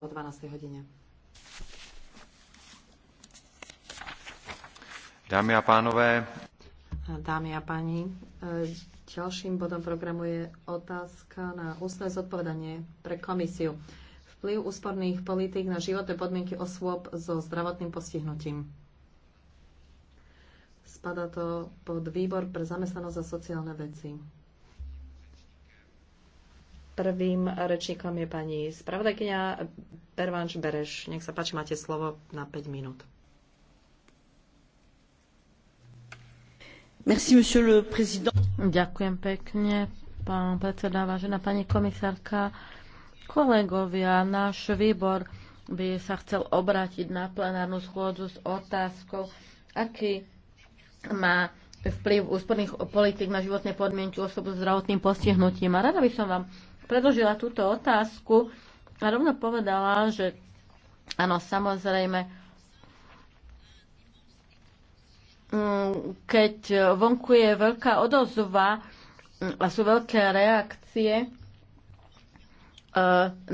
o 12. hodine. Dámy a pánové. Dámy a páni, e, ďalším bodom programu je otázka na ústne zodpovedanie pre komisiu. Vplyv úsporných politík na životné podmienky osôb so zdravotným postihnutím. Spada to pod výbor pre zamestnanosť a sociálne veci. Prvým rečníkom je pani spravodajkynia Pervanč Bereš. Nech sa páči, máte slovo na 5 minút. Merci, monsieur le président. Ďakujem pekne, pán predseda, vážená pani komisárka, kolegovia, náš výbor by sa chcel obrátiť na plenárnu schôdzu s otázkou, aký má vplyv úsporných politik na životné podmienky osob s zdravotným postihnutím. A rada by som vám predložila túto otázku a rovno povedala, že áno, samozrejme, mm, keď vonku je veľká odozva a sú veľké reakcie e,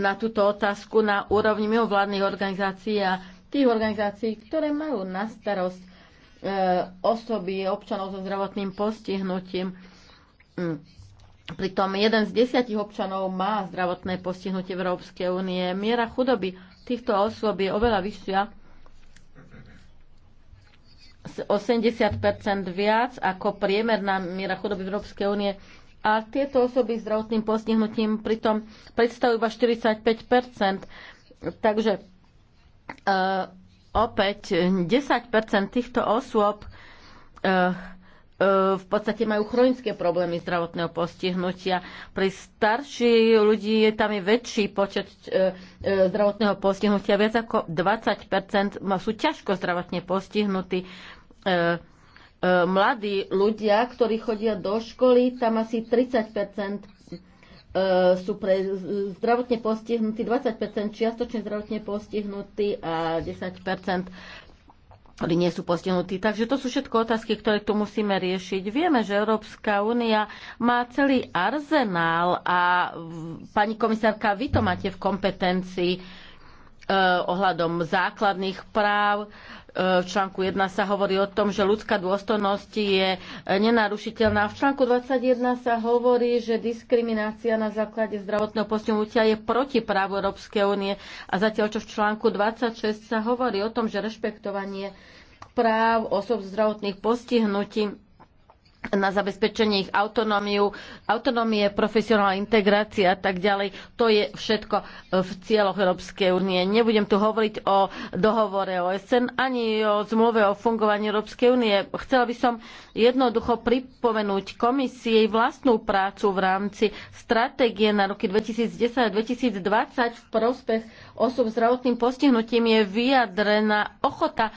na túto otázku na úrovni mimovládnych organizácií a tých organizácií, ktoré majú na starosť e, osoby, občanov so zdravotným postihnutím. Mm. Pritom jeden z desiatich občanov má zdravotné postihnutie Európskej únie. Miera chudoby týchto osôb je oveľa vyššia, 80 viac ako priemerná miera chudoby Európskej únie. A tieto osoby s zdravotným postihnutím pritom predstavujú iba 45 Takže e, opäť 10 týchto osôb e, E, v podstate majú chronické problémy zdravotného postihnutia. Pri starší ľudí je tam je väčší počet e, e, zdravotného postihnutia. Viac ako 20 sú ťažko zdravotne postihnutí. Mladí ľudia, ktorí chodia do školy, tam asi 30 sú pre zdravotne postihnutí, 20 čiastočne zdravotne postihnutí a 10 ktorí nie sú postihnutí. Takže to sú všetko otázky, ktoré tu musíme riešiť. Vieme, že Európska únia má celý arzenál a pani komisárka, vy to máte v kompetencii Eh, ohľadom základných práv. Eh, v článku 1 sa hovorí o tom, že ľudská dôstojnosť je nenarušiteľná. V článku 21 sa hovorí, že diskriminácia na základe zdravotného postihnutia je proti právu Európskej únie a zatiaľ čo v článku 26 sa hovorí o tom, že rešpektovanie práv osob zdravotných postihnutí na zabezpečenie ich autonómiu, autonómie, profesionálna integrácia a tak ďalej. To je všetko v cieľoch Európskej únie. Nebudem tu hovoriť o dohovore OSN ani o zmluve o fungovaní Európskej únie. Chcela by som jednoducho pripomenúť komisii vlastnú prácu v rámci stratégie na roky 2010 a 2020 v prospech osob s zdravotným postihnutím je vyjadrená ochota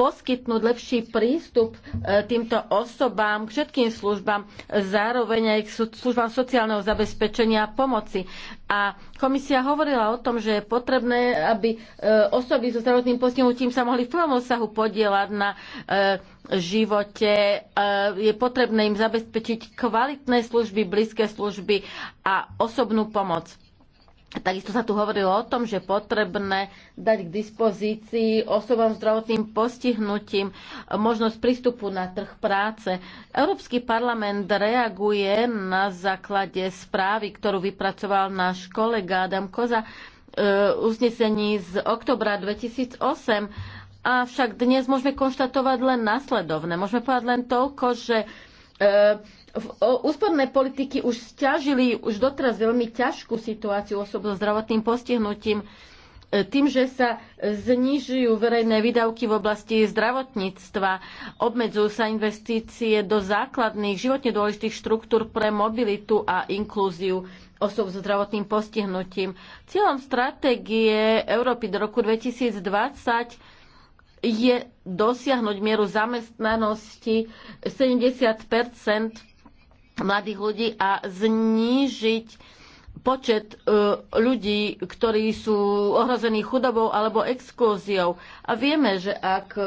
poskytnúť lepší prístup e, týmto osobám k všetkým službám, zároveň aj k službám sociálneho zabezpečenia a pomoci. A komisia hovorila o tom, že je potrebné, aby e, osoby so zdravotným postihnutím sa mohli v plnom osahu podielať na e, živote. Je potrebné im zabezpečiť kvalitné služby, blízke služby a osobnú pomoc. Takisto sa tu hovorilo o tom, že potrebné dať k dispozícii osobám zdravotným postihnutím možnosť prístupu na trh práce. Európsky parlament reaguje na základe správy, ktorú vypracoval náš kolega Adam Koza, e, uznesení z oktobra 2008 Avšak dnes môžeme konštatovať len následovné. Môžeme povedať len toľko, že e, v úsporné politiky už stiažili už doteraz veľmi ťažkú situáciu osob so zdravotným postihnutím e, tým, že sa znižujú verejné výdavky v oblasti zdravotníctva, obmedzujú sa investície do základných životne dôležitých štruktúr pre mobilitu a inklúziu osob so zdravotným postihnutím. Cieľom stratégie Európy do roku 2020 je dosiahnuť mieru zamestnanosti 70 mladých ľudí a znížiť počet e, ľudí, ktorí sú ohrození chudobou alebo exkluziou. A vieme, že ak e,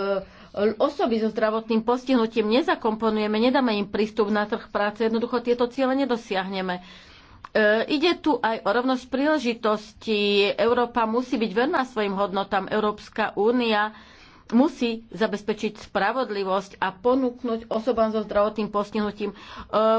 osoby so zdravotným postihnutím nezakomponujeme, nedáme im prístup na trh práce, jednoducho tieto ciele nedosiahneme. E, ide tu aj o rovnosť príležitosti. Európa musí byť verná svojim hodnotám. Európska únia musí zabezpečiť spravodlivosť a ponúknuť osobám so zdravotným postihnutím e,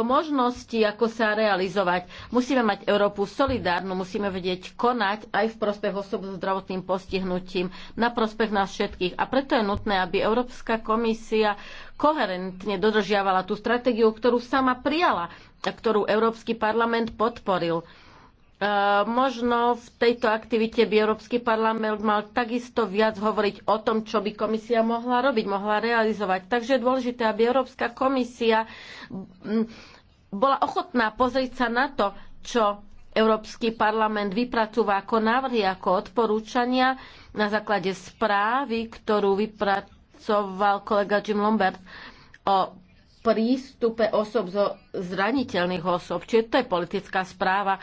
možnosti, ako sa realizovať. Musíme mať Európu solidárnu, musíme vedieť konať aj v prospech osob so zdravotným postihnutím, na prospech nás všetkých. A preto je nutné, aby Európska komisia koherentne dodržiavala tú stratégiu, ktorú sama prijala a ktorú Európsky parlament podporil E, možno v tejto aktivite by Európsky parlament mal takisto viac hovoriť o tom, čo by komisia mohla robiť, mohla realizovať. Takže je dôležité, aby Európska komisia bola ochotná pozrieť sa na to, čo Európsky parlament vypracúva ako návrhy, ako odporúčania na základe správy, ktorú vypracoval kolega Jim Lombert o prístupe osob zo zraniteľných osob. Čiže to je politická správa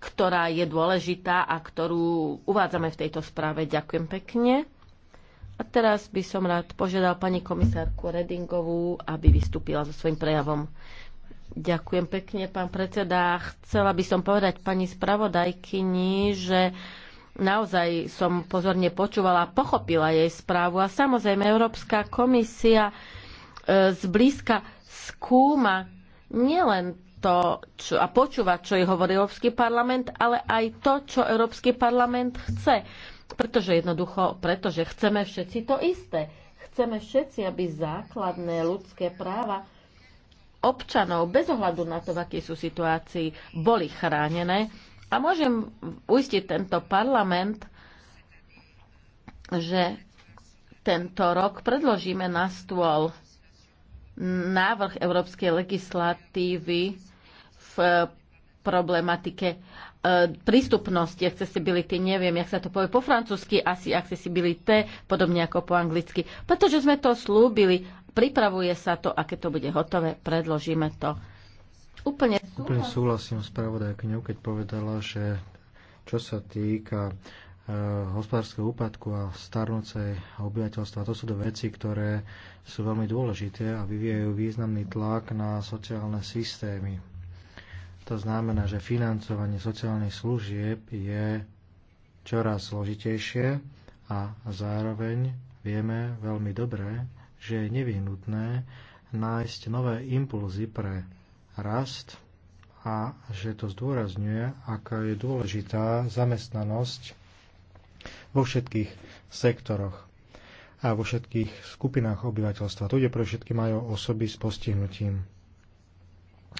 ktorá je dôležitá a ktorú uvádzame v tejto správe. Ďakujem pekne. A teraz by som rád požiadal pani komisárku Redingovú, aby vystúpila so svojím prejavom. Ďakujem pekne, pán predseda. Chcela by som povedať pani spravodajkyni, že naozaj som pozorne počúvala, pochopila jej správu a samozrejme Európska komisia e, zblízka skúma nielen to čo, a počúvať, čo jej hovorí Európsky parlament, ale aj to, čo Európsky parlament chce. Pretože jednoducho, pretože chceme všetci to isté. Chceme všetci, aby základné ľudské práva občanov, bez ohľadu na to, v akej sú situácii, boli chránené. A môžem uistiť tento parlament, že tento rok predložíme na stôl návrh európskej legislatívy v eh, problematike eh, prístupnosti, accessibility, neviem, jak sa to povie po francúzsky, asi accessibility, podobne ako po anglicky. Pretože sme to slúbili, pripravuje sa to a keď to bude hotové, predložíme to. Úplne, súhlasím. Úplne súhlasím s pravodajkňou, keď povedala, že čo sa týka eh, hospodárskeho úpadku a starnúcej obyvateľstva. To sú to veci, ktoré sú veľmi dôležité a vyvíjajú významný tlak na sociálne systémy. To znamená, že financovanie sociálnych služieb je čoraz zložitejšie a zároveň vieme veľmi dobre, že je nevyhnutné nájsť nové impulzy pre rast a že to zdôrazňuje, aká je dôležitá zamestnanosť vo všetkých sektoroch a vo všetkých skupinách obyvateľstva. Tu ide pre všetky majú osoby s postihnutím.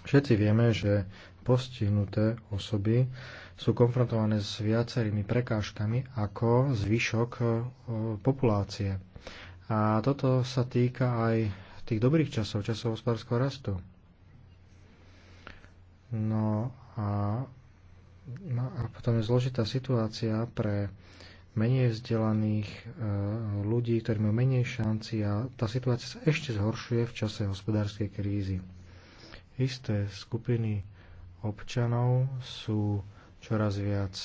Všetci vieme, že postihnuté osoby sú konfrontované s viacerými prekážkami ako zvyšok e, populácie. A toto sa týka aj tých dobrých časov, časov hospodárskeho rastu. No a, no a potom je zložitá situácia pre menej vzdelaných e, ľudí, ktorí majú menej šanci a tá situácia sa ešte zhoršuje v čase hospodárskej krízy isté skupiny občanov sú čoraz viac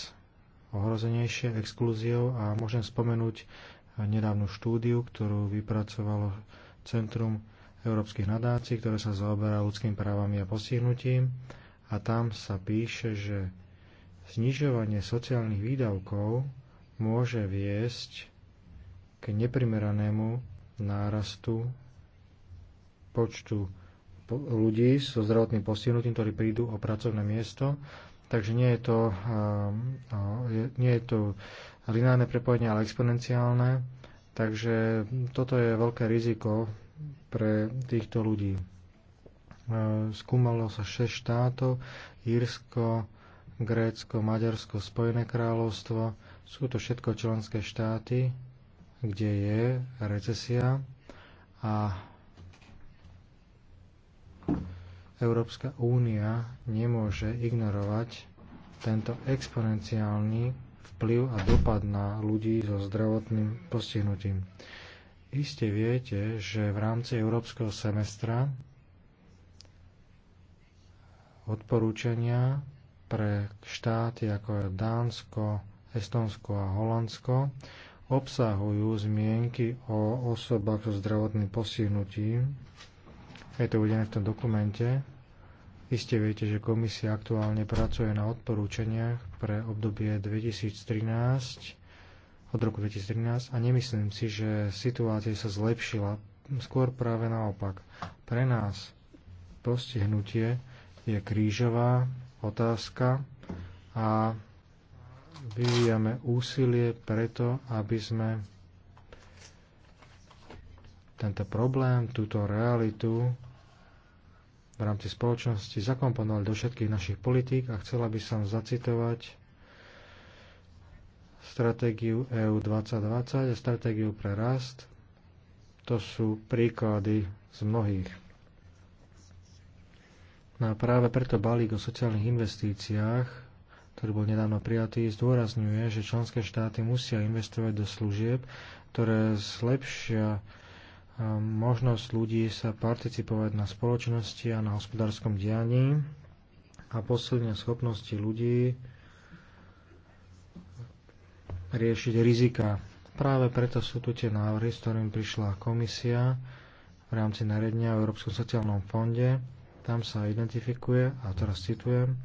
ohrozenejšie exkluziou a môžem spomenúť nedávnu štúdiu, ktorú vypracovalo Centrum európskych nadácií, ktoré sa zaoberá ľudským právami a postihnutím. A tam sa píše, že znižovanie sociálnych výdavkov môže viesť k neprimeranému nárastu počtu ľudí so zdravotným postihnutím, ktorí prídu o pracovné miesto. Takže nie je to, nie je to lineárne prepojenie, ale exponenciálne. Takže toto je veľké riziko pre týchto ľudí. Skúmalo sa 6 štátov, Írsko, Grécko, Maďarsko, Spojené kráľovstvo. Sú to všetko členské štáty, kde je recesia a Európska únia nemôže ignorovať tento exponenciálny vplyv a dopad na ľudí so zdravotným postihnutím. Iste viete, že v rámci európskeho semestra odporúčania pre štáty ako je Dánsko, Estonsko a Holandsko obsahujú zmienky o osobách so zdravotným postihnutím je to uvedené v tom dokumente. Iste viete, že komisia aktuálne pracuje na odporúčaniach pre obdobie 2013 od roku 2013 a nemyslím si, že situácia sa zlepšila. Skôr práve naopak. Pre nás postihnutie je krížová otázka a vyvíjame úsilie preto, aby sme tento problém, túto realitu v rámci spoločnosti zakomponovali do všetkých našich politík a chcela by som zacitovať stratégiu EU 2020 a stratégiu pre rast. To sú príklady z mnohých. No a práve preto balík o sociálnych investíciách, ktorý bol nedávno prijatý, zdôrazňuje, že členské štáty musia investovať do služieb, ktoré zlepšia možnosť ľudí sa participovať na spoločnosti a na hospodárskom dianí a posledne schopnosti ľudí riešiť rizika. Práve preto sú tu tie návrhy, s ktorým prišla komisia v rámci naredenia o Európskom sociálnom fonde. Tam sa identifikuje, a teraz citujem,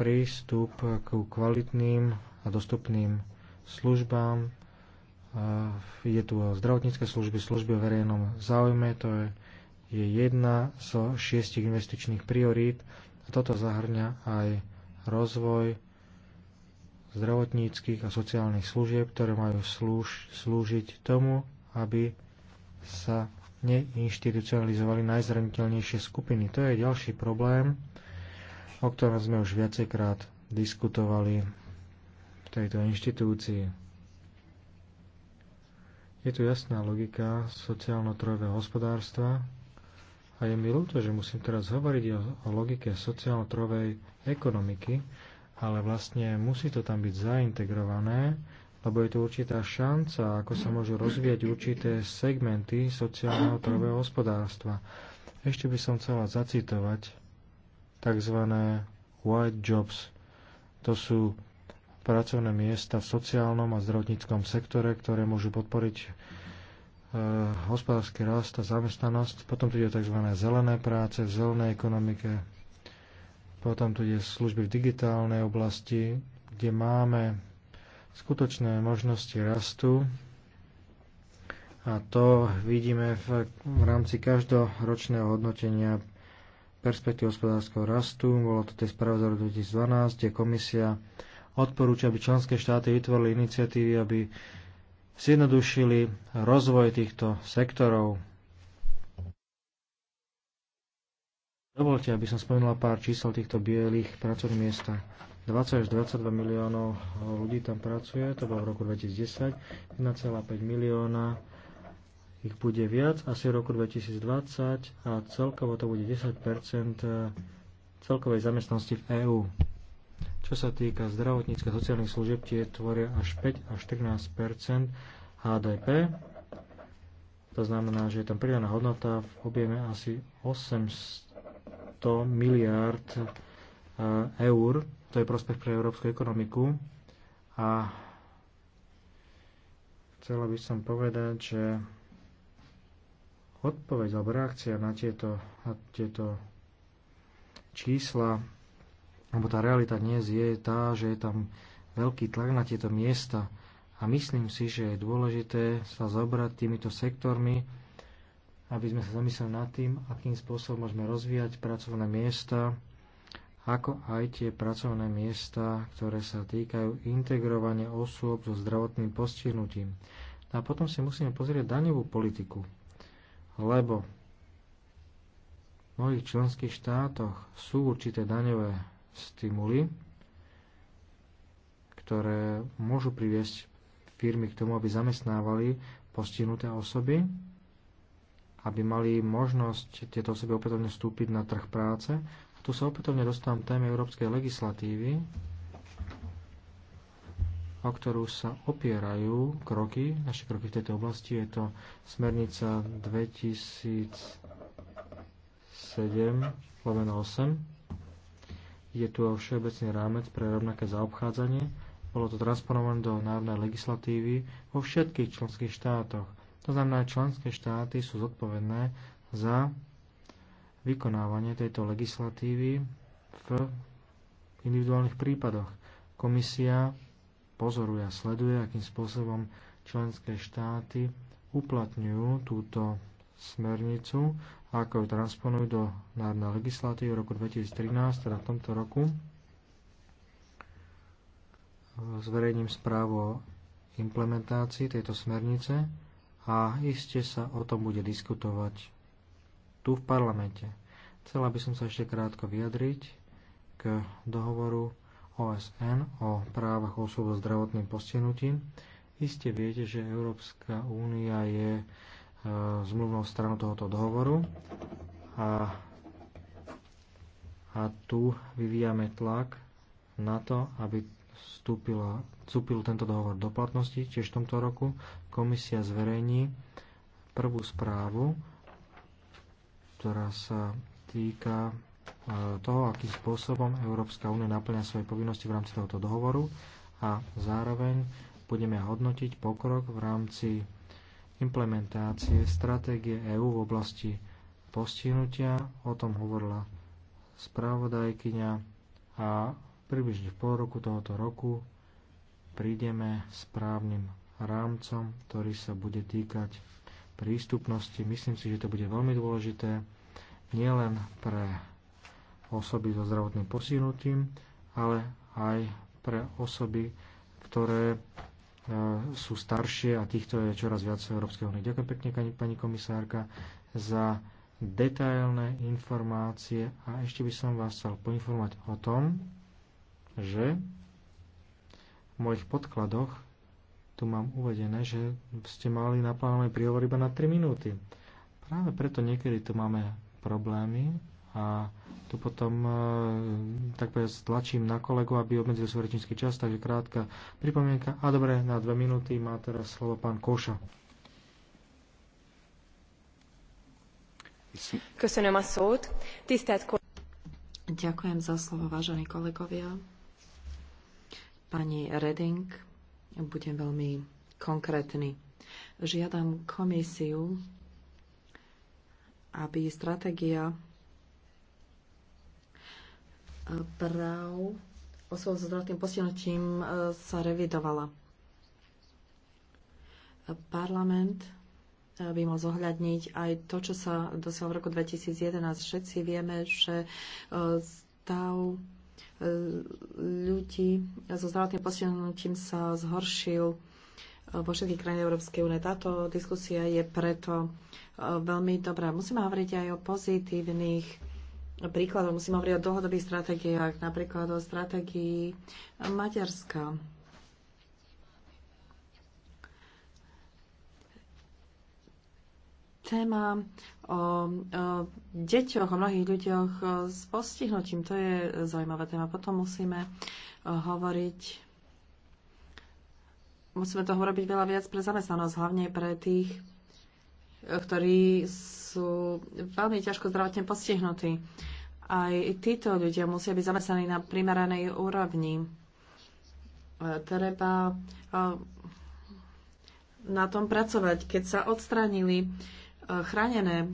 prístup k kvalitným a dostupným službám, Ide tu o zdravotnícke služby, služby o verejnom záujme, to je, je jedna zo šiestich investičných priorít a toto zahrňa aj rozvoj zdravotníckých a sociálnych služieb, ktoré majú slúž, slúžiť tomu, aby sa neinstitucionalizovali najzraniteľnejšie skupiny. To je ďalší problém, o ktorom sme už viacejkrát diskutovali v tejto inštitúcii. Je tu jasná logika sociálno-trojového hospodárstva a je mi ľúto, že musím teraz hovoriť o, o logike sociálno-trojovej ekonomiky, ale vlastne musí to tam byť zaintegrované, lebo je tu určitá šanca, ako sa môžu rozvíjať určité segmenty sociálneho trhového hospodárstva. Ešte by som chcela zacitovať tzv. white jobs. To sú pracovné miesta v sociálnom a zdravotníckom sektore, ktoré môžu podporiť e, hospodársky rast a zamestnanosť. Potom tu ide tzv. zelené práce v zelenej ekonomike. Potom tu ide služby v digitálnej oblasti, kde máme skutočné možnosti rastu. A to vidíme v, v rámci každoročného hodnotenia perspektív hospodárskeho rastu. Bolo to tej správe za 2012, kde komisia odporúča, aby členské štáty vytvorili iniciatívy, aby zjednodušili rozvoj týchto sektorov. Dovolte, aby som spomenula pár čísel týchto bielých pracovných miest. 20 až 22 miliónov ľudí tam pracuje, to bolo v roku 2010, 1,5 milióna ich bude viac asi v roku 2020 a celkovo to bude 10 celkovej zamestnosti v EÚ. Čo sa týka zdravotníckých a sociálnych služieb, tie tvoria až 5 až 14 HDP. To znamená, že je tam pridaná hodnota v objeme asi 800 miliárd e, eur. To je prospech pre európsku ekonomiku. A chcela by som povedať, že odpoveď alebo reakcia na tieto, na tieto čísla lebo tá realita dnes je tá, že je tam veľký tlak na tieto miesta a myslím si, že je dôležité sa zobrať týmito sektormi, aby sme sa zamysleli nad tým, akým spôsobom môžeme rozvíjať pracovné miesta, ako aj tie pracovné miesta, ktoré sa týkajú integrovania osôb so zdravotným postihnutím. A potom si musíme pozrieť daňovú politiku, lebo v mnohých členských štátoch sú určité daňové stimuly, ktoré môžu priviesť firmy k tomu, aby zamestnávali postihnuté osoby, aby mali možnosť tieto osoby opätovne vstúpiť na trh práce. A tu sa opätovne dostávam téme európskej legislatívy, o ktorú sa opierajú kroky, naše kroky v tejto oblasti. Je to smernica 2007 8 Ide tu o všeobecný rámec pre rovnaké zaobchádzanie. Bolo to transponované do národnej legislatívy vo všetkých členských štátoch. To znamená, členské štáty sú zodpovedné za vykonávanie tejto legislatívy v individuálnych prípadoch. Komisia pozoruje a sleduje, akým spôsobom členské štáty uplatňujú túto smernicu, ako ju transponujú do národnej legislatívy v roku 2013, teda v tomto roku. Zverejním správu o implementácii tejto smernice a iste sa o tom bude diskutovať tu v parlamente. Chcela by som sa ešte krátko vyjadriť k dohovoru OSN o právach osôb so zdravotným postihnutím. Iste viete, že Európska únia je E, zmluvnou stranu tohoto dohovoru a, a tu vyvíjame tlak na to, aby vstúpila, vstúpil tento dohovor do platnosti. Tiež v tomto roku komisia zverejní prvú správu, ktorá sa týka e, toho, akým spôsobom Európska únia naplňa svoje povinnosti v rámci tohoto dohovoru a zároveň budeme hodnotiť pokrok v rámci implementácie stratégie EÚ v oblasti postihnutia. O tom hovorila správodajkyňa a približne v pol roku tohoto roku prídeme s právnym rámcom, ktorý sa bude týkať prístupnosti. Myslím si, že to bude veľmi dôležité nielen pre osoby so zdravotným postihnutím, ale aj pre osoby, ktoré E, sú staršie a týchto je čoraz viac v Európskej únie. Ďakujem pekne, pani komisárka, za detailné informácie a ešte by som vás chcel poinformovať o tom, že v mojich podkladoch tu mám uvedené, že ste mali naplánovaný príhovor iba na 3 minúty. Práve preto niekedy tu máme problémy a tu potom e, tak povedať tlačím na kolegu, aby obmedzil svoj rečnícky čas, takže krátka pripomienka. A dobre, na dve minúty má teraz slovo pán Koša. Köszönöm a szót. Tisztelt Ďakujem za slovo, vážení kolegovia. Pani Reding, budem veľmi konkrétny. Žiadam komisiu, aby stratégia práv osôb so zdravotným postihnutím e, sa revidovala. Parlament e, by mal zohľadniť aj to, čo sa dosiahlo v roku 2011. Všetci vieme, že e, stav ľudí so zdravotným postihnutím sa zhoršil vo všetkých krajinách Európskej únie. Táto diskusia je preto veľmi dobrá. Musíme hovoriť aj o pozitívnych príkladom musím hovoriť o dlhodobých stratégiách, napríklad o stratégii Maďarska. Téma o, o deťoch, o mnohých ľuďoch s postihnutím, to je zaujímavá téma. Potom musíme e, hovoriť musíme toho robiť veľa viac pre zamestnanosť, hlavne pre tých, ktorí sú veľmi ťažko zdravotne postihnutí. Aj títo ľudia musia byť zamestnaní na primeranej úrovni. Treba e, na tom pracovať. Keď sa odstránili e, chránené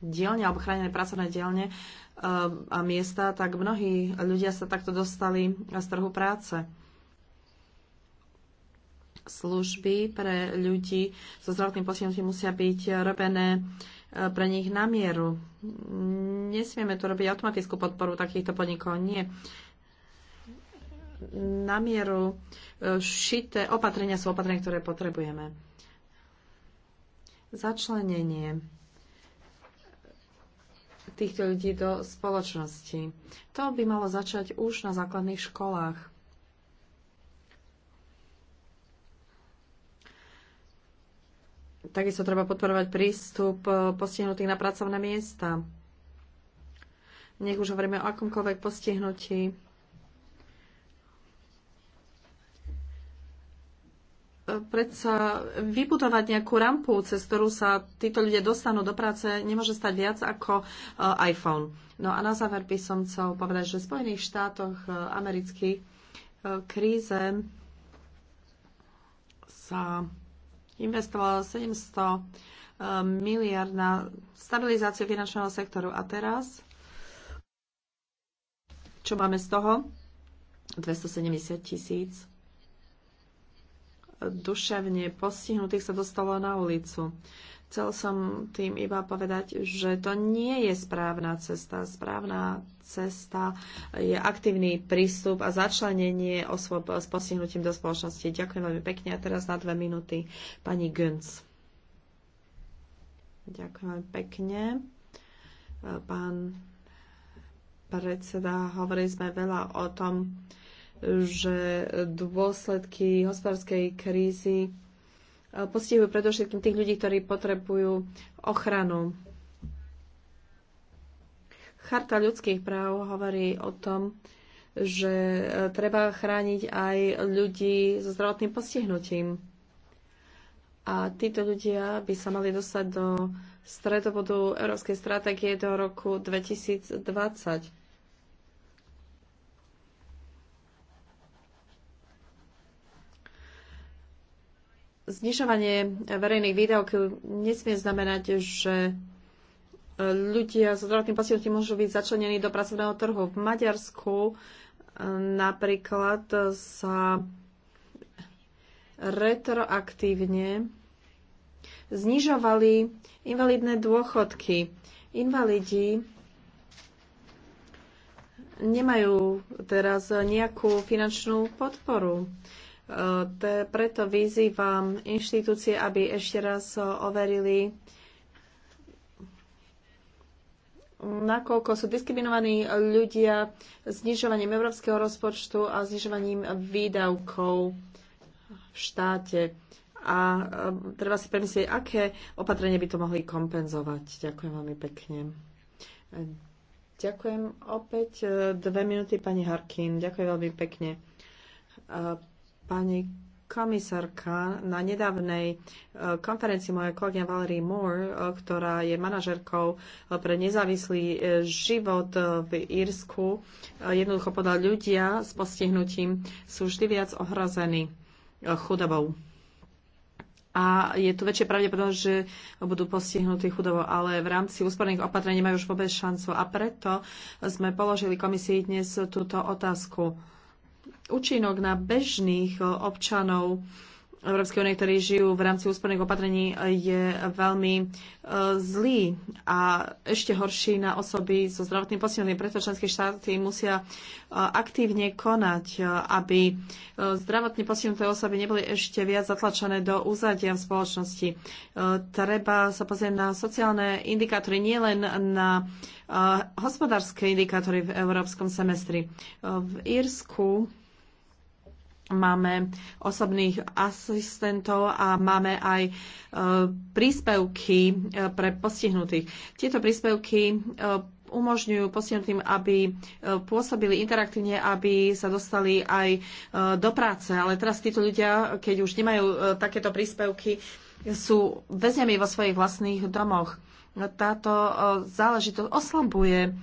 dielne alebo chránené pracovné dielne e, a miesta, tak mnohí ľudia sa takto dostali z trhu práce služby pre ľudí so zdravotným postihnutím musia byť robené eh, pre nich na mieru. Nesmieme tu robiť automatickú podporu takýchto podnikov. Nie. Na mieru eh, šité opatrenia sú opatrenia, ktoré potrebujeme. Začlenenie týchto ľudí do spoločnosti. To by malo začať už na základných školách Takisto treba podporovať prístup e, postihnutých na pracovné miesta. Nech už hovoríme o akomkoľvek postihnutí. E, predsa vybudovať nejakú rampu, cez ktorú sa títo ľudia dostanú do práce, nemôže stať viac ako e, iPhone. No a na záver by som chcel povedať, že v Spojených štátoch amerických kríze sa investovalo 700 e, miliard na stabilizáciu finančného sektoru. A teraz, čo máme z toho? 270 tisíc duševne postihnutých sa dostalo na ulicu. Chcel som tým iba povedať, že to nie je správna cesta. Správna cesta je aktívny prístup a začlenenie osôb s postihnutím do spoločnosti. Ďakujem veľmi pekne a teraz na dve minúty pani Günz. Ďakujem veľmi pekne. Pán predseda, hovorili sme veľa o tom, že dôsledky hospodárskej krízy postihujú predovšetkým tých ľudí, ktorí potrebujú ochranu. Charta ľudských práv hovorí o tom, že e, treba chrániť aj ľudí so zdravotným postihnutím. A títo ľudia by sa mali dostať do stredobodu Európskej stratégie do roku 2020 znižovanie verejných výdavok nesmie znamenať, že ľudia so zdravotným postihnutím môžu byť začlenení do pracovného trhu. V Maďarsku e, napríklad sa retroaktívne znižovali invalidné dôchodky. Invalidi nemajú teraz nejakú finančnú podporu. Preto vyzývam inštitúcie, aby ešte raz overili, nakoľko sú diskriminovaní ľudia znižovaním európskeho rozpočtu a znižovaním výdavkov v štáte. A e, treba si premyslieť, aké opatrenie by to mohli kompenzovať. Ďakujem veľmi pekne. Ďakujem opäť. E, dve minúty, pani Harkin. Ďakujem veľmi pekne e, Pani komisárka na nedávnej e, konferencii moja kolegyňa Valerie Moore, e, ktorá je manažerkou e, pre nezávislý život v Írsku, jednoducho podľa ľudia s postihnutím sú vždy viac ohrození chudobou. A je tu väčšie pravdepodobnosť, že budú postihnutí chudobo, ale v rámci úsporných opatrení majú už vôbec šancu. A preto sme položili komisii dnes túto otázku účinok na bežných eh, občanov Európskej únie, ktorí žijú v rámci úsporných opatrení, je veľmi eh, zlý a ešte horší na osoby so zdravotným postihnutím. Preto členské štáty musia eh, aktívne konať, aby zdravotne postihnuté osoby neboli ešte viac zatlačené do úzadia v spoločnosti. Treba sa pozrieť na sociálne indikátory, nielen na hospodárske indikátory v európskom semestri. V Írsku máme osobných asistentov a máme aj e, príspevky e, pre postihnutých. Tieto príspevky e, umožňujú postihnutým, aby pôsobili interaktívne, aby sa dostali aj do práce. Ale teraz títo ľudia, keď už nemajú takéto príspevky, sú väzňami vo svojich vlastných domoch. Táto záležitosť oslabuje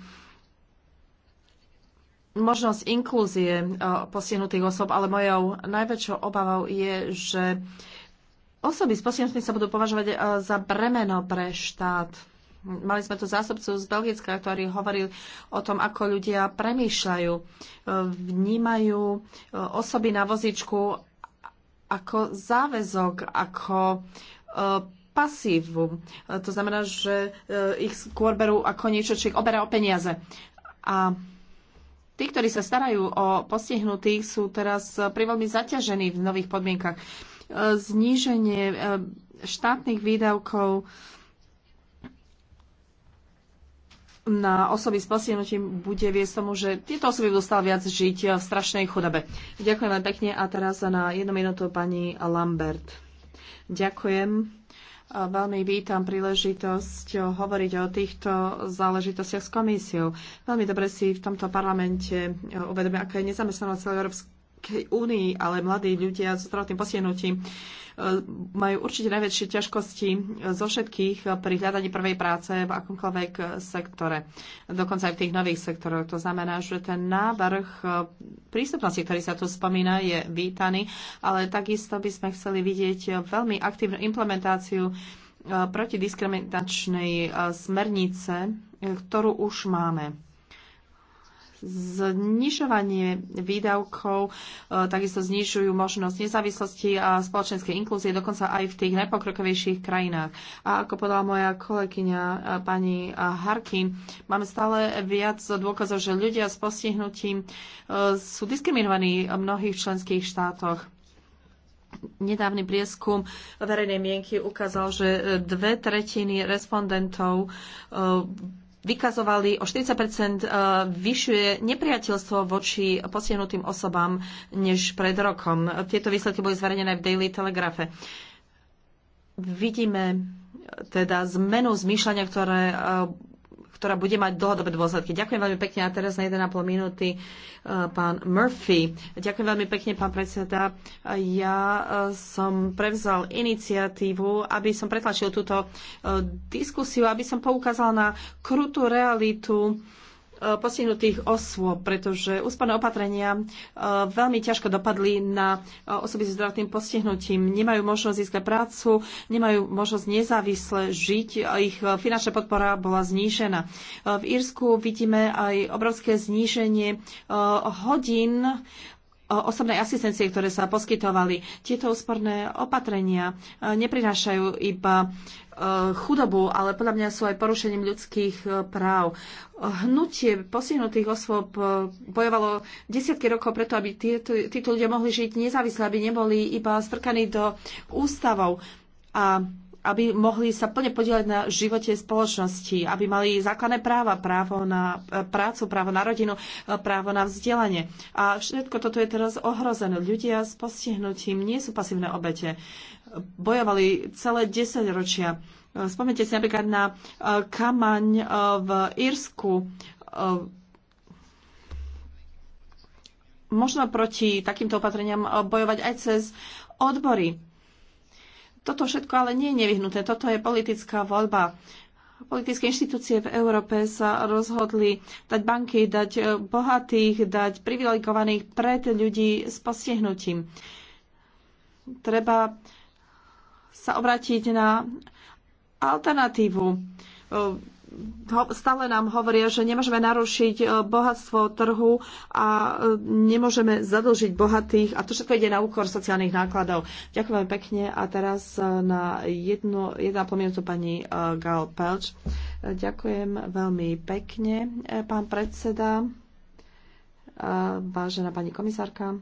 možnosť inklúzie e, postihnutých osob, ale mojou najväčšou obavou je, že osoby s postihnutím sa budú považovať e, za bremeno pre štát. Mali sme tu zástupcu z Belgicka, ktorý hovoril o tom, ako ľudia premýšľajú, e, vnímajú osoby na vozičku ako záväzok, ako pasívu. To znamená, že ich skôr berú ako niečo, čo ich oberá o peniaze. A Tí, ktorí sa starajú o postihnutých, sú teraz eh, pri veľmi zaťažení v nových podmienkach. Eh, zníženie eh, štátnych výdavkov na osoby s postihnutím bude viesť tomu, že tieto osoby budú stále viac žiť v strašnej chudobe. Ďakujem veľmi pekne a teraz na jednu minútu pani Lambert. Ďakujem. Veľmi vítam príležitosť hovoriť o týchto záležitostiach s komisiou. Veľmi dobre si v tomto parlamente uvedomia, aká je nezamestnanosť celej Európskej Európskej únii, ale mladí ľudia so zdravotným postihnutím e, majú určite najväčšie ťažkosti e, zo všetkých e, pri hľadaní prvej práce v akomkoľvek sektore, dokonca aj v tých nových sektoroch. To znamená, že ten návrh prístupnosti, ktorý sa tu spomína, je vítaný, ale takisto by sme chceli vidieť veľmi aktívnu implementáciu protidiskriminačnej smernice, ktorú už máme znižovanie výdavkov e, takisto znižujú možnosť nezávislosti a spoločenskej inklúzie, dokonca aj v tých najpokrokovejších krajinách. A ako povedala moja kolegyňa e, pani e, Harkin, máme stále viac dôkazov, že ľudia s postihnutím sú diskriminovaní v mnohých členských štátoch. Nedávny prieskum verejnej mienky ukázal, že dve tretiny respondentov vykazovali o 40 e, vyššie nepriateľstvo voči postihnutým osobám než pred rokom. Tieto výsledky boli zverejnené v Daily Telegrafe. Vidíme teda zmenu zmýšľania, ktoré e, ktorá bude mať dlhodobé dôsledky. Ďakujem veľmi pekne a teraz na 1,5 minúty e, pán Murphy. Ďakujem veľmi pekne, pán predseda. Ja e, som prevzal iniciatívu, aby som pretlačil túto e, diskusiu, aby som poukázal na krutú realitu Eh, postihnutých osôb, pretože úsporné opatrenia eh, veľmi ťažko dopadli na eh, osoby s zdravotným postihnutím. Nemajú možnosť získať prácu, nemajú možnosť nezávisle žiť, ich finančná podpora bola znížená. V Írsku vidíme aj obrovské zníženie hodín osobnej asistencie, ktoré sa poskytovali. Tieto úsporné opatrenia neprinášajú iba chudobu, ale podľa mňa sú aj porušením ľudských e, práv. Hnutie postihnutých osôb e, bojovalo desiatky rokov preto, aby tieto, títo ľudia mohli žiť nezávisle, aby neboli iba strkaní do ústavov. A aby mohli sa plne podielať na živote spoločnosti, aby mali základné práva, právo na e, prácu, právo na rodinu, e, právo na vzdelanie. A všetko toto je teraz ohrozené. Ľudia s postihnutím nie sú pasívne obete. Bojovali celé 10 ročia. E, Spomnite si napríklad na kamaň v Írsku, možno proti takýmto opatreniam bojovať aj cez odbory. Toto všetko ale nie je nevyhnuté, Toto je politická voľba. Politické inštitúcie v Európe sa rozhodli dať banky, dať bohatých, dať privilegovaných pred ľudí s postihnutím. Treba sa obrátiť na alternatívu stále nám hovoria, že nemôžeme narušiť e, bohatstvo trhu a e, nemôžeme zadlžiť bohatých a to všetko ide na úkor sociálnych nákladov. Ďakujem pekne a teraz e, na jednu, jedna pomienku pani Gal Pelč. Ďakujem veľmi pekne, pán predseda, vážená pani komisárka.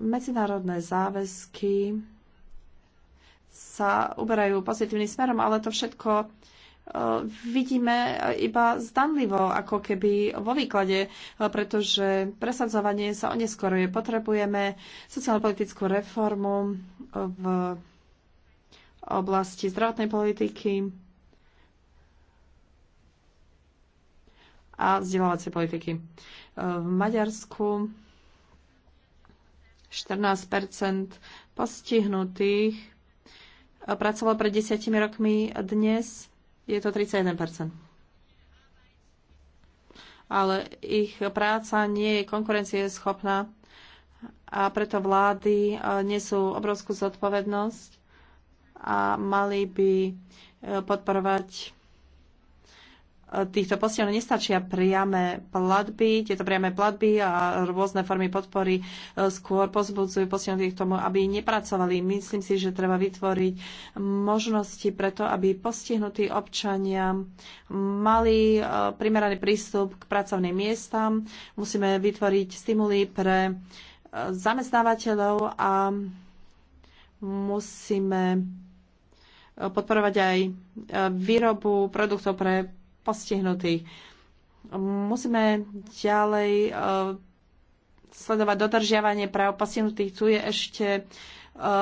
Medzinárodné záväzky sa uberajú pozitívnym smerom, ale to všetko e, vidíme iba zdanlivo, ako keby vo výklade, e, pretože presadzovanie sa oneskoruje. Potrebujeme sociálno-politickú reformu e, v oblasti zdravotnej politiky a vzdelávacej politiky. V Maďarsku 14 postihnutých pracovalo pred desiatimi rokmi, dnes je to 31 Ale ich práca nie je konkurencieschopná a preto vlády eh, nesú obrovskú zodpovednosť a mali by eh, podporovať týchto postihov nestačia priame platby, tieto priame platby a rôzne formy podpory e, skôr pozbudzujú postihnutých k tomu, aby nepracovali. Myslím si, že treba vytvoriť možnosti preto, aby postihnutí občania mali e, primeraný prístup k pracovným miestam. Musíme vytvoriť stimuly pre e, zamestnávateľov a musíme podporovať aj výrobu produktov pre postihnutých. Musíme ďalej e, sledovať dodržiavanie práv postihnutých. Tu je ešte e,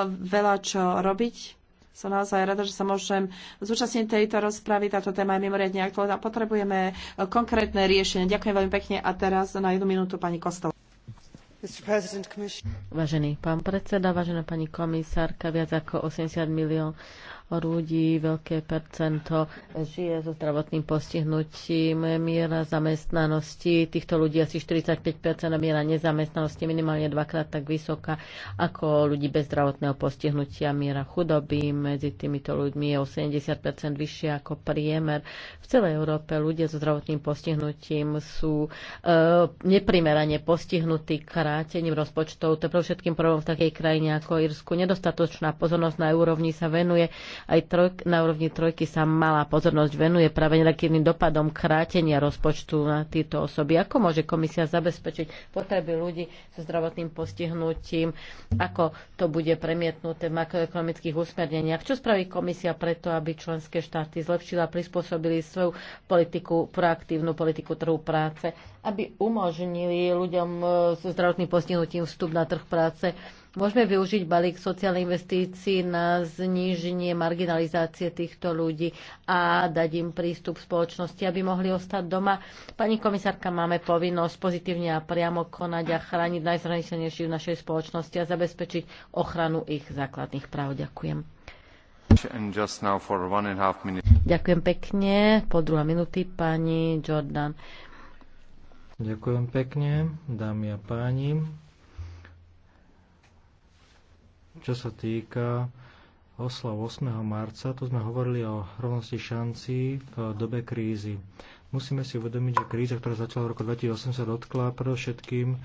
veľa čo robiť. Som naozaj rada, že sa môžem zúčastniť tejto rozpravy. Táto téma je mimoriadne aktuálna. Potrebujeme e, konkrétne riešenie. Ďakujem veľmi pekne a teraz na jednu minútu pani Kostová. Vážený pán predseda, vážená pani komisárka, viac ako 80 milión ľudí, veľké percento žije so zdravotným postihnutím. Miera zamestnanosti týchto ľudí asi 45 a miera nezamestnanosti minimálne dvakrát tak vysoká ako ľudí bez zdravotného postihnutia. Miera chudoby medzi týmito ľuďmi je 80 vyššia ako priemer. V celej Európe ľudia so zdravotným postihnutím sú e, neprimerane postihnutí, krátením rozpočtov. To je pre všetkým problém v takej krajine ako Irsku. Nedostatočná pozornosť na úrovni sa venuje, aj troj, na úrovni trojky sa malá pozornosť venuje práve negatívnym dopadom krátenia rozpočtu na tieto osoby. Ako môže komisia zabezpečiť potreby ľudí so zdravotným postihnutím? Ako to bude premietnuté v makroekonomických usmerneniach? Čo spraví komisia preto, aby členské štáty zlepšila a prispôsobili svoju politiku, proaktívnu politiku trhu práce aby umožnili ľuďom e, so zdravotným postihnutím vstup na trh práce. Môžeme využiť balík sociálnej investícií na zníženie marginalizácie týchto ľudí a dať im prístup v spoločnosti, aby mohli ostať doma. Pani komisárka, máme povinnosť pozitívne a priamo konať a chrániť najzraniteľnejších v našej spoločnosti a zabezpečiť ochranu ich základných práv. Ďakujem. Ďakujem pekne. Po druhá minúty pani Jordan. Ďakujem pekne, dámy a páni. Čo sa týka oslav 8. marca, tu sme hovorili o rovnosti šancí v dobe krízy. Musíme si uvedomiť, že kríza, ktorá začala v roku 2008, sa dotkla predovšetkým e,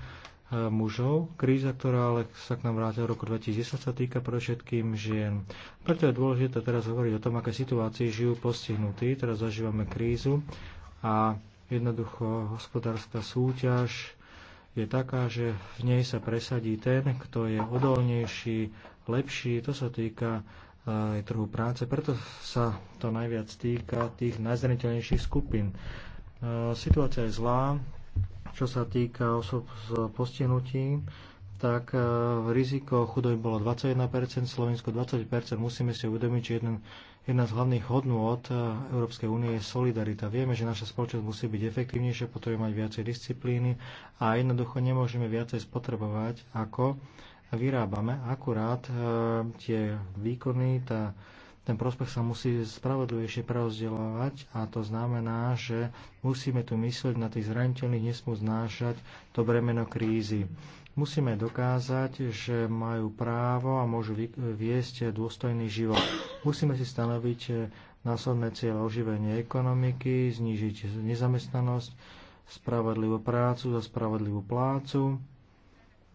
mužov. Kríza, ktorá ale sa k nám vrátila v roku 2010, sa týka predovšetkým žien. Preto je dôležité teraz hovoriť o tom, aké situácii žijú postihnutí. Teraz zažívame krízu a Jednoducho hospodárska súťaž je taká, že v nej sa presadí ten, kto je odolnejší, lepší. To sa týka e, aj trhu práce, preto sa to najviac týka tých najzraniteľnejších skupín. E, situácia je zlá, čo sa týka osob s postihnutím, tak e, riziko chudoby bolo 21%, Slovensko 20%. Musíme si uvedomiť, že jeden Jedna z hlavných hodnôt e, Európskej únie je solidarita. Vieme, že naša spoločnosť musí byť efektívnejšia, potrebuje mať viacej disciplíny a jednoducho nemôžeme viacej spotrebovať, ako vyrábame. Akurát e, tie výkony, tá, ten prospech sa musí spravodlivejšie prerozdielovať a to znamená, že musíme tu mysleť na tých zraniteľných, nesmú znášať to bremeno krízy. Musíme dokázať, že majú právo a môžu viesť dôstojný život. Musíme si stanoviť následné cieľe oživenie ekonomiky, znížiť nezamestnanosť, spravodlivú prácu za spravodlivú plácu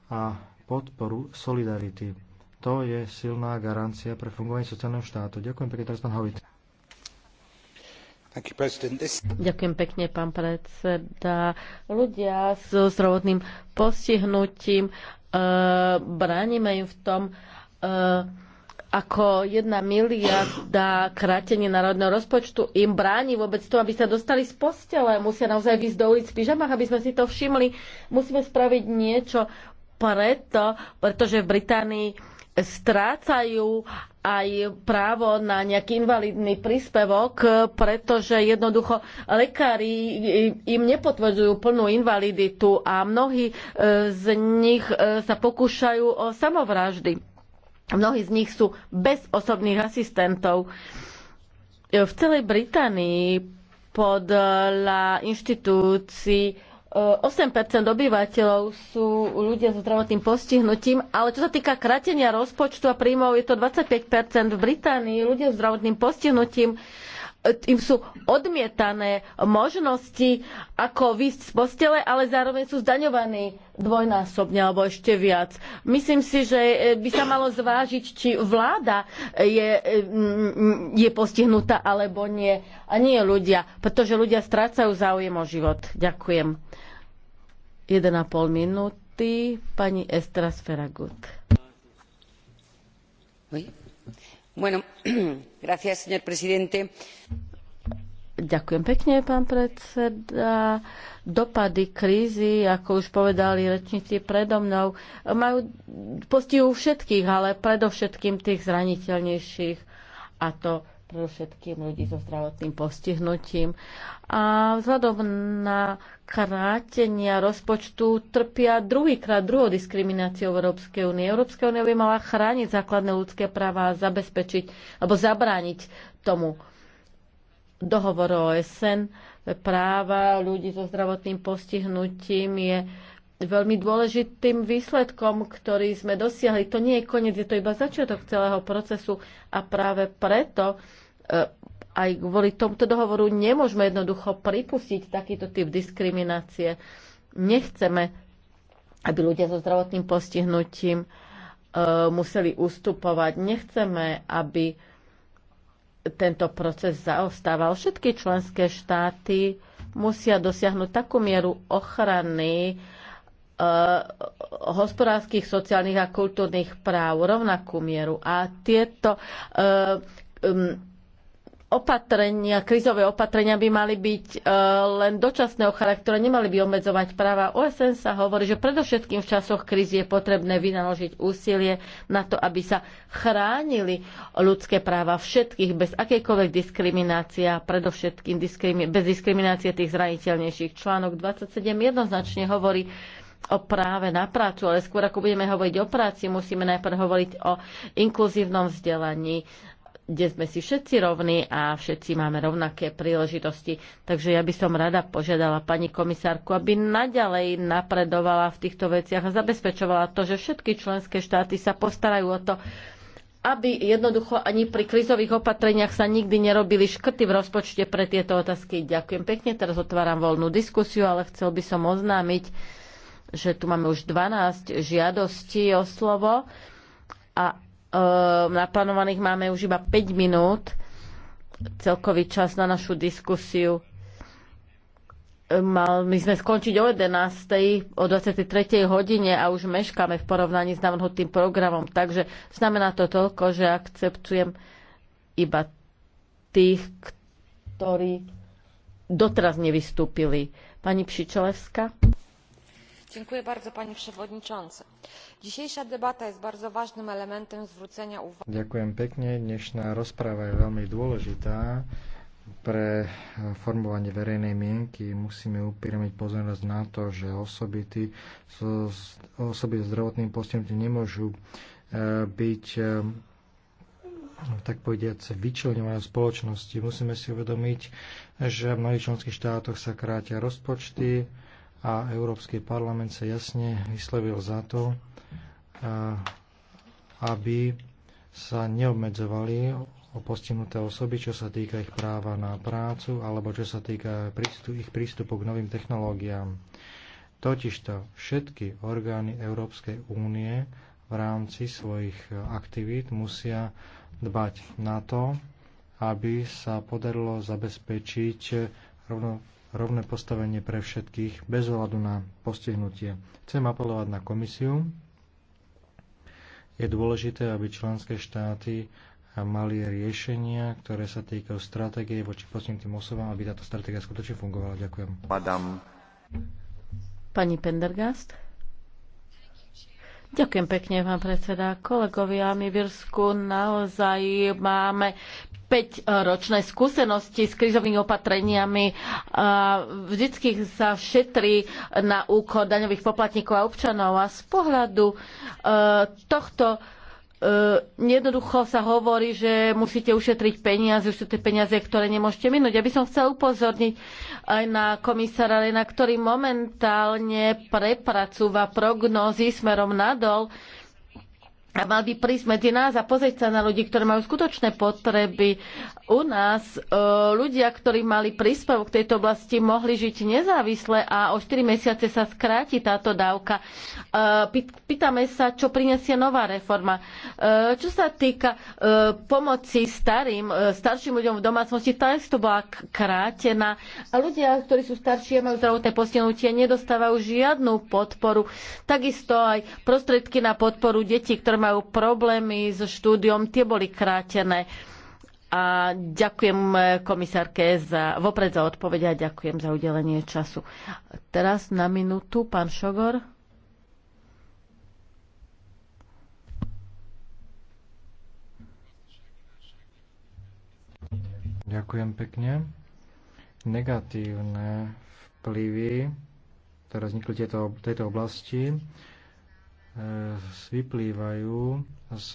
a podporu solidarity. To je silná garancia pre fungovanie sociálneho štátu. Ďakujem pekne, teraz pán Hovita. Ďakujem pekne, pán predseda. Ľudia so zdravotným postihnutím, e, bránime im v tom, e, ako jedna miliarda krátenie národného rozpočtu im bráni vôbec to, aby sa dostali z postele. Musia naozaj vysť do ulic v pyžamách, aby sme si to všimli. Musíme spraviť niečo preto, pretože v Británii strácajú aj právo na nejaký invalidný príspevok, pretože jednoducho lekári im nepotvrdzujú plnú invaliditu a mnohí e, z nich e, sa pokúšajú o samovraždy. Mnohí z nich sú bez osobných asistentov. E, v celej Británii podľa inštitúcií 8 obyvateľov sú ľudia so zdravotným postihnutím, ale čo sa týka kratenia rozpočtu a príjmov, je to 25 v Británii. Ľudia so zdravotným postihnutím im sú odmietané možnosti, ako výjsť z postele, ale zároveň sú zdaňovaní dvojnásobne alebo ešte viac. Myslím si, že e, by sa malo zvážiť, či vláda je, e, je postihnutá alebo nie. A nie ľudia, pretože ľudia strácajú záujem o život. Ďakujem. 1,5 minúty. Pani Oui. Bueno, Ďakujem pekne, pán predseda. Dopady krízy, ako už povedali rečníci predo mnou, majú postihu všetkých, ale predovšetkým tých zraniteľnejších. A to predovšetkým ľudí so zdravotným postihnutím. A vzhľadom na krátenia rozpočtu trpia druhýkrát druhou diskrimináciou Európskej únie. Európska únia by mala chrániť základné ľudské práva a zabezpečiť alebo zabrániť tomu dohovoru o OSN práva ľudí so zdravotným postihnutím je veľmi dôležitým výsledkom, ktorý sme dosiahli. To nie je koniec, je to iba začiatok celého procesu a práve preto e, aj kvôli tomuto dohovoru nemôžeme jednoducho pripustiť takýto typ diskriminácie. Nechceme, aby ľudia so zdravotným postihnutím e, museli ustupovať. Nechceme, aby tento proces zaostával. Všetky členské štáty musia dosiahnuť takú mieru ochrany, Eh, hospodárskych, sociálnych a kultúrnych práv rovnakú mieru. A tieto eh, um, opatrenia, krizové opatrenia by mali byť eh, len dočasného charakteru, nemali by obmedzovať práva. OSN sa hovorí, že predovšetkým v časoch krízy je potrebné vynaložiť úsilie na to, aby sa chránili ľudské práva všetkých bez akejkoľvek diskriminácie a predovšetkým diskrimi- bez diskriminácie tých zraniteľnejších. Článok 27 jednoznačne hovorí, o práve na prácu, ale skôr ako budeme hovoriť o práci, musíme najprv hovoriť o inkluzívnom vzdelaní, kde sme si všetci rovní a všetci máme rovnaké príležitosti. Takže ja by som rada požiadala pani komisárku, aby naďalej napredovala v týchto veciach a zabezpečovala to, že všetky členské štáty sa postarajú o to, aby jednoducho ani pri krizových opatreniach sa nikdy nerobili škrty v rozpočte pre tieto otázky. Ďakujem pekne, teraz otváram voľnú diskusiu, ale chcel by som oznámiť, že tu máme už 12 žiadostí o slovo a e, naplánovaných máme už iba 5 minút. Celkový čas na našu diskusiu e, mal, my sme skončiť o 11. o 23. hodine a už meškáme v porovnaní s navrhnutým programom. Takže znamená to toľko, že akceptujem iba tých, ktorí doteraz nevystúpili. Pani Pšičelevská? pani przewodnicząca! dzisiejsza debata jest bardzo ważnym elementem zwrócenia uwagi. Ďakujem pekne. Dnešná rozprava je veľmi dôležitá pre e, formovanie verejnej mienky musíme upíramiť pozornosť na to, že osoby, tý, so, osoby s zdravotným postihnutím nemôžu e, byť e, tak povediac, vyčlenované spoločnosti. Musíme si uvedomiť, že v mnohých členských štátoch sa krátia rozpočty, a Európsky parlament sa jasne vyslovil za to, aby sa neobmedzovali o postihnuté osoby, čo sa týka ich práva na prácu alebo čo sa týka ich prístupu k novým technológiám. Totižto všetky orgány Európskej únie v rámci svojich aktivít musia dbať na to, aby sa podarilo zabezpečiť rovno rovné postavenie pre všetkých bez ohľadu na postihnutie. Chcem apelovať na komisiu. Je dôležité, aby členské štáty mali riešenia, ktoré sa týkajú stratégie voči postihnutým osobám, aby táto stratégia skutočne fungovala. Ďakujem. Madam. Pani Pendergast. Ďakujem pekne, pán predseda. Kolegovia, my v Irsku naozaj máme 5-ročné skúsenosti s krizovými opatreniami. Vždycky sa šetrí na úkor daňových poplatníkov a občanov. A z pohľadu e, tohto e, jednoducho sa hovorí, že musíte ušetriť peniaze, sú tie peniaze, ktoré nemôžete minúť. Ja by som chcela upozorniť aj na komisára Lena, ktorý momentálne prepracúva prognózy smerom nadol, a mal by prísť medzi nás a pozrieť sa na ľudí, ktorí majú skutočné potreby. U nás e, ľudia, ktorí mali príspevok k tejto oblasti, mohli žiť nezávisle a o 4 mesiace sa skráti táto dávka. E, pýtame sa, čo prinesie nová reforma. E, čo sa týka e, pomoci starým, e, starším ľuďom v domácnosti, tá to bola krátená. A ľudia, ktorí sú starší a majú zdravotné postihnutie, nedostávajú žiadnu podporu. Takisto aj prostriedky na podporu detí, ktoré majú problémy so štúdiom, tie boli krátené. A ďakujem eh, komisárke za, vopred za odpovede a ďakujem za udelenie času. Teraz na minútu pán Šogor. Ďakujem pekne. Negatívne vplyvy, ktoré vznikli tieto, tejto oblasti, E, vyplývajú z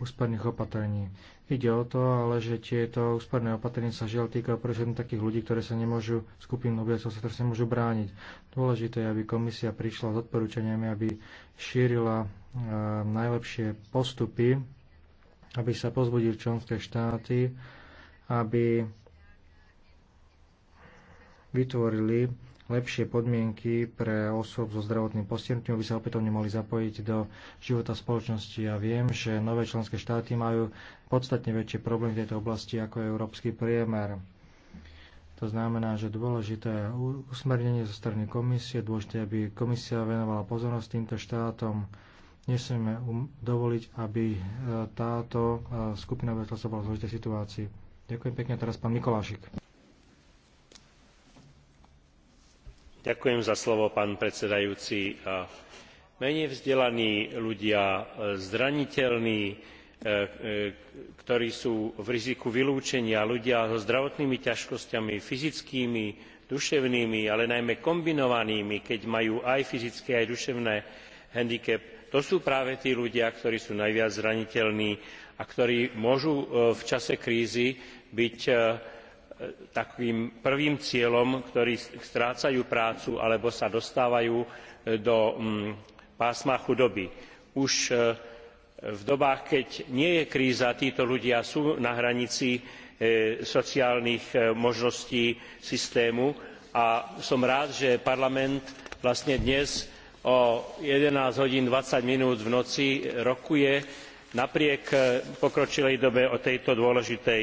úsporných opatrení. Ide o to, ale že tieto úsporné opatrenia sa žiaľ týkajú predovšetkým takých ľudí, ktoré sa nemôžu, skupín obyvateľov sa teraz nemôžu brániť. Dôležité je, aby komisia prišla s odporúčaniami, aby šírila e, najlepšie postupy, aby sa pozbudili členské štáty, aby vytvorili lepšie podmienky pre osob so zdravotným postihnutím, aby sa opätovne mohli zapojiť do života spoločnosti. Ja viem, že nové členské štáty majú podstatne väčšie problémy v tejto oblasti ako je európsky priemer. To znamená, že dôležité usmernenie zo strany komisie, dôležité, aby komisia venovala pozornosť týmto štátom. Nesmieme um- dovoliť, aby e, táto e, skupina obyvateľstva bola v zložitej situácii. Ďakujem pekne, teraz pán Mikolášik. menej vzdelaní ľudia zraniteľní e, e, ktorí sú v riziku vylúčenia ľudia so zdravotnými ťažkosťami fyzickými duševnými ale najmä kombinovanými keď majú aj fyzické aj duševné hendikep to sú práve tí ľudia ktorí sú najviac zraniteľní a ktorí môžu e, v čase krízy byť E, takým prvým cieľom ktorí strácajú prácu alebo sa dostávajú e, do mm, pásma chudoby. už e, v dobách keď nie je kríza títo ľudia sú na hranici sociálnych možností systému a som rád že parlament vlastne dnes o eleven hodín twenty minút v noci rokuje napriek pokročilej dobe o tejto dôležitej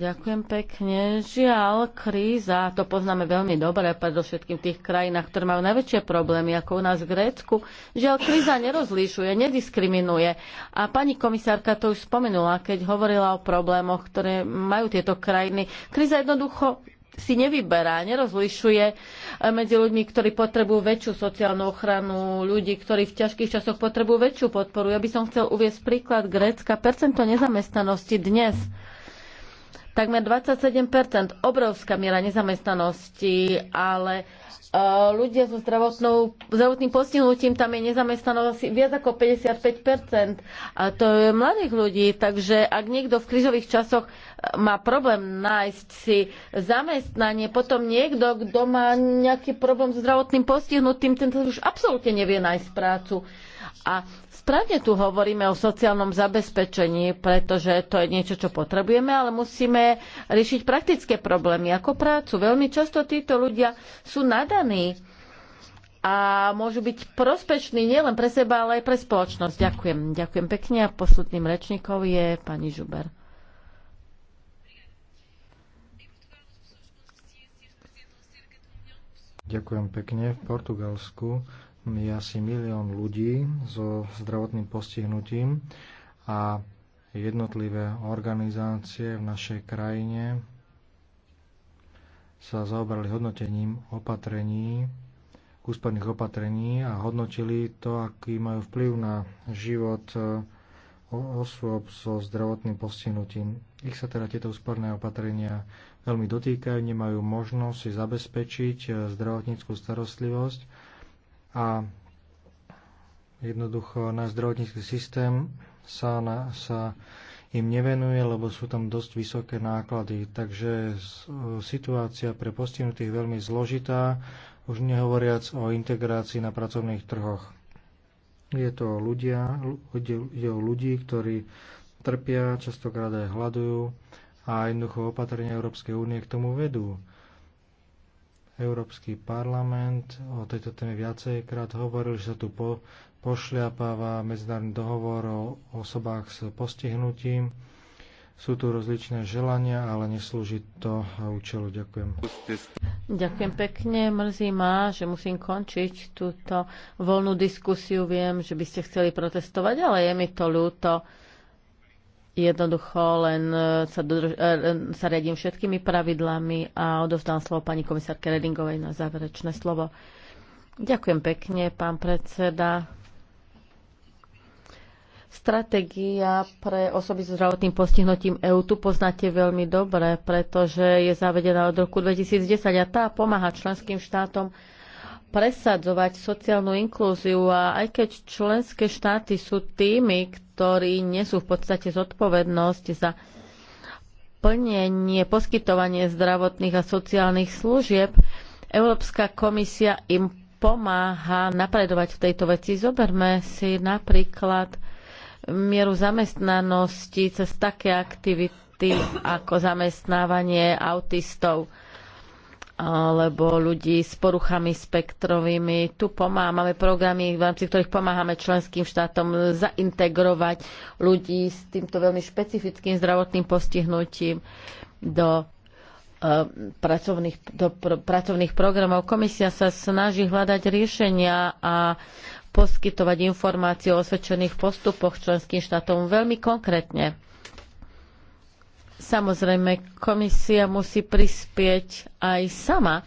Ďakujem pekne. Žiaľ, kríza, to poznáme veľmi dobre, predovšetkým v tých krajinách, ktoré majú najväčšie problémy, ako u nás v Grécku. Žiaľ, kríza nerozlišuje, nediskriminuje. A pani komisárka to už spomenula, keď hovorila o problémoch, ktoré majú tieto krajiny. Kríza jednoducho si nevyberá, nerozlišuje medzi ľuďmi, ktorí potrebujú väčšiu sociálnu ochranu, ľudí, ktorí v ťažkých časoch potrebujú väčšiu podporu. Ja by som chcel uvieť príklad Grécka. Percento nezamestnanosti dnes Takmer 27 obrovská miera nezamestnanosti, ale e, ľudia so zdravotnou, zdravotným postihnutím tam je nezamestnanosť viac ako 55 a to je mladých ľudí, takže ak niekto v krízových časoch e, má problém nájsť si zamestnanie, potom niekto, kto má nejaký problém so zdravotným postihnutím, ten už absolútne nevie nájsť prácu. A správne tu hovoríme o sociálnom zabezpečení, pretože to je niečo, čo potrebujeme, ale musíme riešiť praktické problémy ako prácu. Veľmi často títo ľudia sú nadaní a môžu byť prospešní nielen pre seba, ale aj pre spoločnosť. Ďakujem. Ďakujem pekne a posledným rečníkom je pani Žuber. Ďakujem pekne. V Portugalsku je asi milión ľudí so zdravotným postihnutím a jednotlivé organizácie v našej krajine sa zaoberali hodnotením opatrení, úspadných opatrení a hodnotili to, aký majú vplyv na život e, osôb so zdravotným postihnutím. Ich sa teda tieto úsporné opatrenia veľmi dotýkajú, nemajú možnosť si zabezpečiť e, zdravotníckú starostlivosť a jednoducho náš zdravotnícky systém sa, na, sa im nevenuje, lebo sú tam dosť vysoké náklady. Takže e, situácia pre postihnutých je veľmi zložitá, už nehovoriac o integrácii na pracovných trhoch. Je to ľudia, ľudia, ľudí, ktorí trpia, častokrát aj hľadujú a jednoducho opatrenia Európskej únie k tomu vedú. Európsky parlament o tejto téme viacejkrát hovoril, že sa tu po, pošliapáva medzinárodný dohovor o osobách s postihnutím. Sú tu rozličné želania, ale neslúži to a účelu. Ďakujem. Ďakujem pekne. Mrzí ma, že musím končiť túto voľnú diskusiu. Viem, že by ste chceli protestovať, ale je mi to ľúto. Jednoducho len e, sa, dodrž- e, sa riadím všetkými pravidlami a odovzdám slovo pani komisárke Redingovej na záverečné slovo. Ďakujem pekne, pán predseda. Stratégia pre osoby s zdravotným postihnutím EU tu poznáte veľmi dobre, pretože je zavedená od roku 2010 a tá pomáha členským štátom presadzovať sociálnu inklúziu a aj keď členské štáty sú tými, ktorí nesú v podstate zodpovednosť za plnenie, poskytovanie zdravotných a sociálnych služieb, Európska komisia im pomáha napredovať v tejto veci. Zoberme si napríklad mieru zamestnanosti cez také aktivity ako zamestnávanie autistov alebo ľudí s poruchami spektrovými. Tu pomáhame programy, v rámci ktorých pomáhame členským štátom zaintegrovať ľudí s týmto veľmi špecifickým zdravotným postihnutím do e, pracovných, do pr- pracovných programov. Komisia sa snaží hľadať riešenia a poskytovať informácie o osvedčených postupoch členským štátom veľmi konkrétne. Samozrejme, komisia musí prispieť aj sama.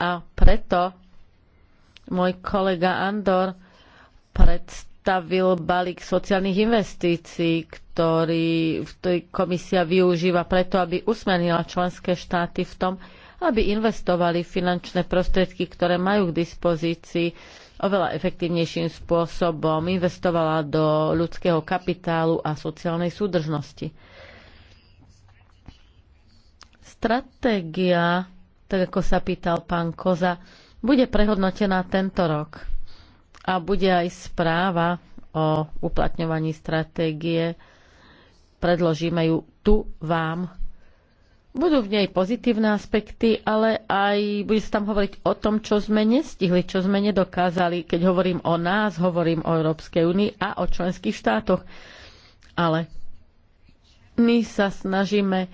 A preto môj kolega Andor predstavil balík sociálnych investícií, ktorý, ktorý komisia využíva preto, aby usmernila členské štáty v tom, aby investovali finančné prostriedky, ktoré majú k dispozícii oveľa efektívnejším spôsobom, investovala do ľudského kapitálu a sociálnej súdržnosti stratégia, tak ako sa pýtal pán Koza, bude prehodnotená tento rok a bude aj správa o uplatňovaní stratégie. Predložíme ju tu vám. Budú v nej pozitívne aspekty, ale aj bude sa tam hovoriť o tom, čo sme nestihli, čo sme nedokázali. Keď hovorím o nás, hovorím o Európskej únii a o členských štátoch. Ale my sa snažíme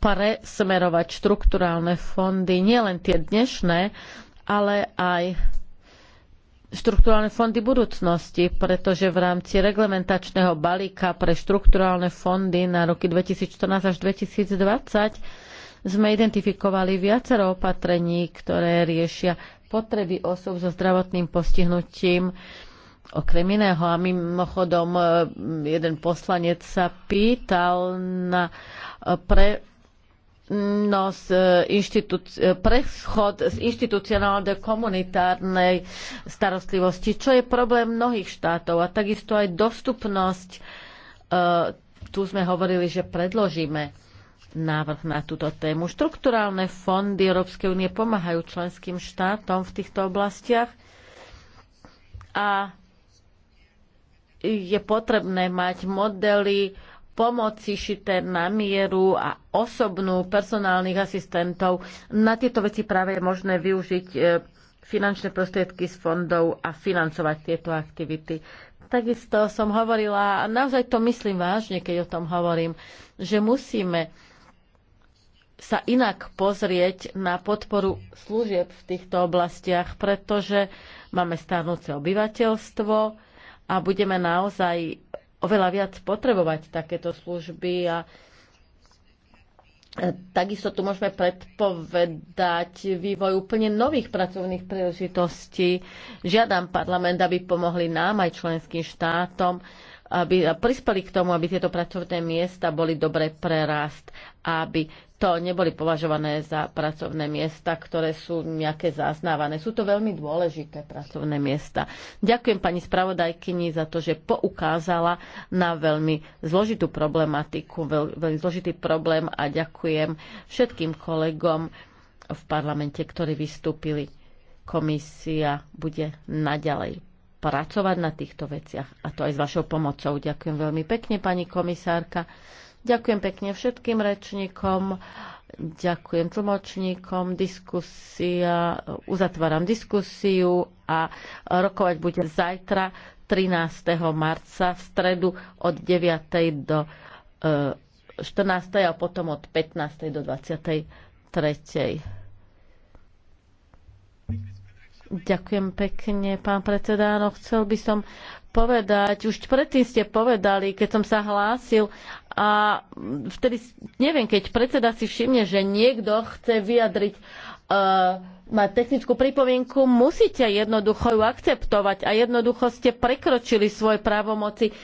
presmerovať štrukturálne fondy, nielen tie dnešné, ale aj štrukturálne fondy budúcnosti, pretože v rámci reglementačného balíka pre štrukturálne fondy na roky 2014 až 2020 sme identifikovali viacero opatrení, ktoré riešia potreby osob so zdravotným postihnutím, okrem iného. A mimochodom, e, jeden poslanec sa pýtal na e, pre nos, e, e, prechod z inštitucionálnej do komunitárnej starostlivosti, čo je problém mnohých štátov a takisto aj dostupnosť. E, tu sme hovorili, že predložíme návrh na túto tému. Štrukturálne fondy Európskej únie pomáhajú členským štátom v týchto oblastiach a je potrebné mať modely, pomoci šité na mieru a osobnú personálnych asistentov. Na tieto veci práve je možné využiť e, finančné prostriedky z fondov a financovať tieto aktivity. Takisto som hovorila, a naozaj to myslím vážne, keď o tom hovorím, že musíme sa inak pozrieť na podporu služieb v týchto oblastiach, pretože máme starnúce obyvateľstvo a budeme naozaj oveľa viac potrebovať takéto služby a e, Takisto tu môžeme predpovedať vývoj úplne nových pracovných príležitostí. Žiadam parlament, aby pomohli nám aj členským štátom, aby prispeli k tomu, aby tieto pracovné miesta boli dobre prerast, aby to neboli považované za pracovné miesta, ktoré sú nejaké zaznávané. Sú to veľmi dôležité pracovné miesta. Ďakujem pani spravodajkyni za to, že poukázala na veľmi zložitú problematiku, veľ, veľmi zložitý problém a ďakujem všetkým kolegom v parlamente, ktorí vystúpili. Komisia bude naďalej pracovať na týchto veciach a to aj s vašou pomocou. Ďakujem veľmi pekne, pani komisárka. Ďakujem pekne všetkým rečníkom, ďakujem tlmočníkom, diskusia, uzatváram diskusiu a rokovať bude zajtra 13. marca v stredu od 9. do 14. E, a potom od 15. do 23. Ďakujem pekne, pán predseda. No, chcel by som povedať, už predtým ste povedali, keď som sa hlásil a vtedy, neviem, keď predseda si všimne, že niekto chce vyjadriť uh, má technickú pripomienku, musíte jednoducho ju akceptovať a jednoducho ste prekročili svoje právomoci